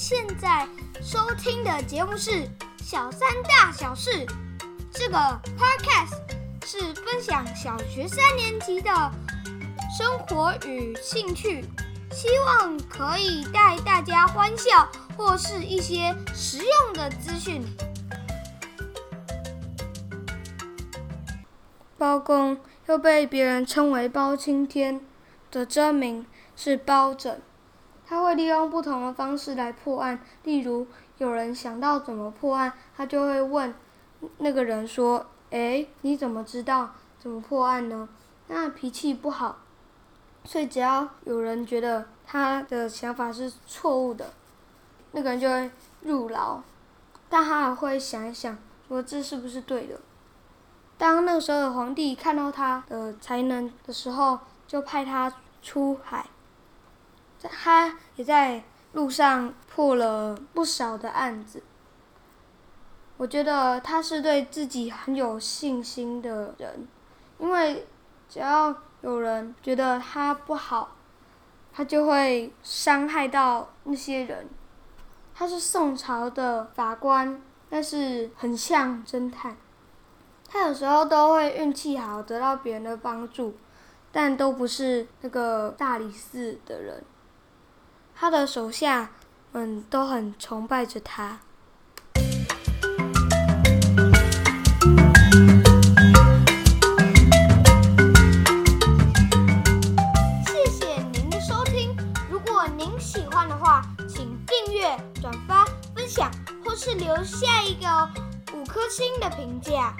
現在收聽的節目是《小三大小事》，這個 podcast 是分享小學三年級的生活與興趣，希望可以帶大家歡笑或是一些實用的資訊。包公又被別人稱為包青天，的真名是包拯。他會利用不同的方式來破案，例如有人想到怎麼破案，他就會問那個人說：“哎，你怎麼知道怎麼破案呢？”那脾氣不好，所以只要有人覺得他的想法是錯誤的，那個人就會入牢。但他也會想一想，說這是不是對的？當那時候的皇帝看到他的才能的時候，就派他出海。他也在路上破了不少的案子。我覺得他是對自己很有信心的人，因為只要有人覺得他不好，他就會傷害到那些人。他是宋朝的法官，但是很像偵探。他有時候都會運氣好，得到別人的幫助，但都不是那個大理寺的人。他的手下們，嗯，都很崇拜着他。謝謝您的收聽，如果您喜歡的話，請訂閱、轉發、分享，或是留下一個五顆星的評價。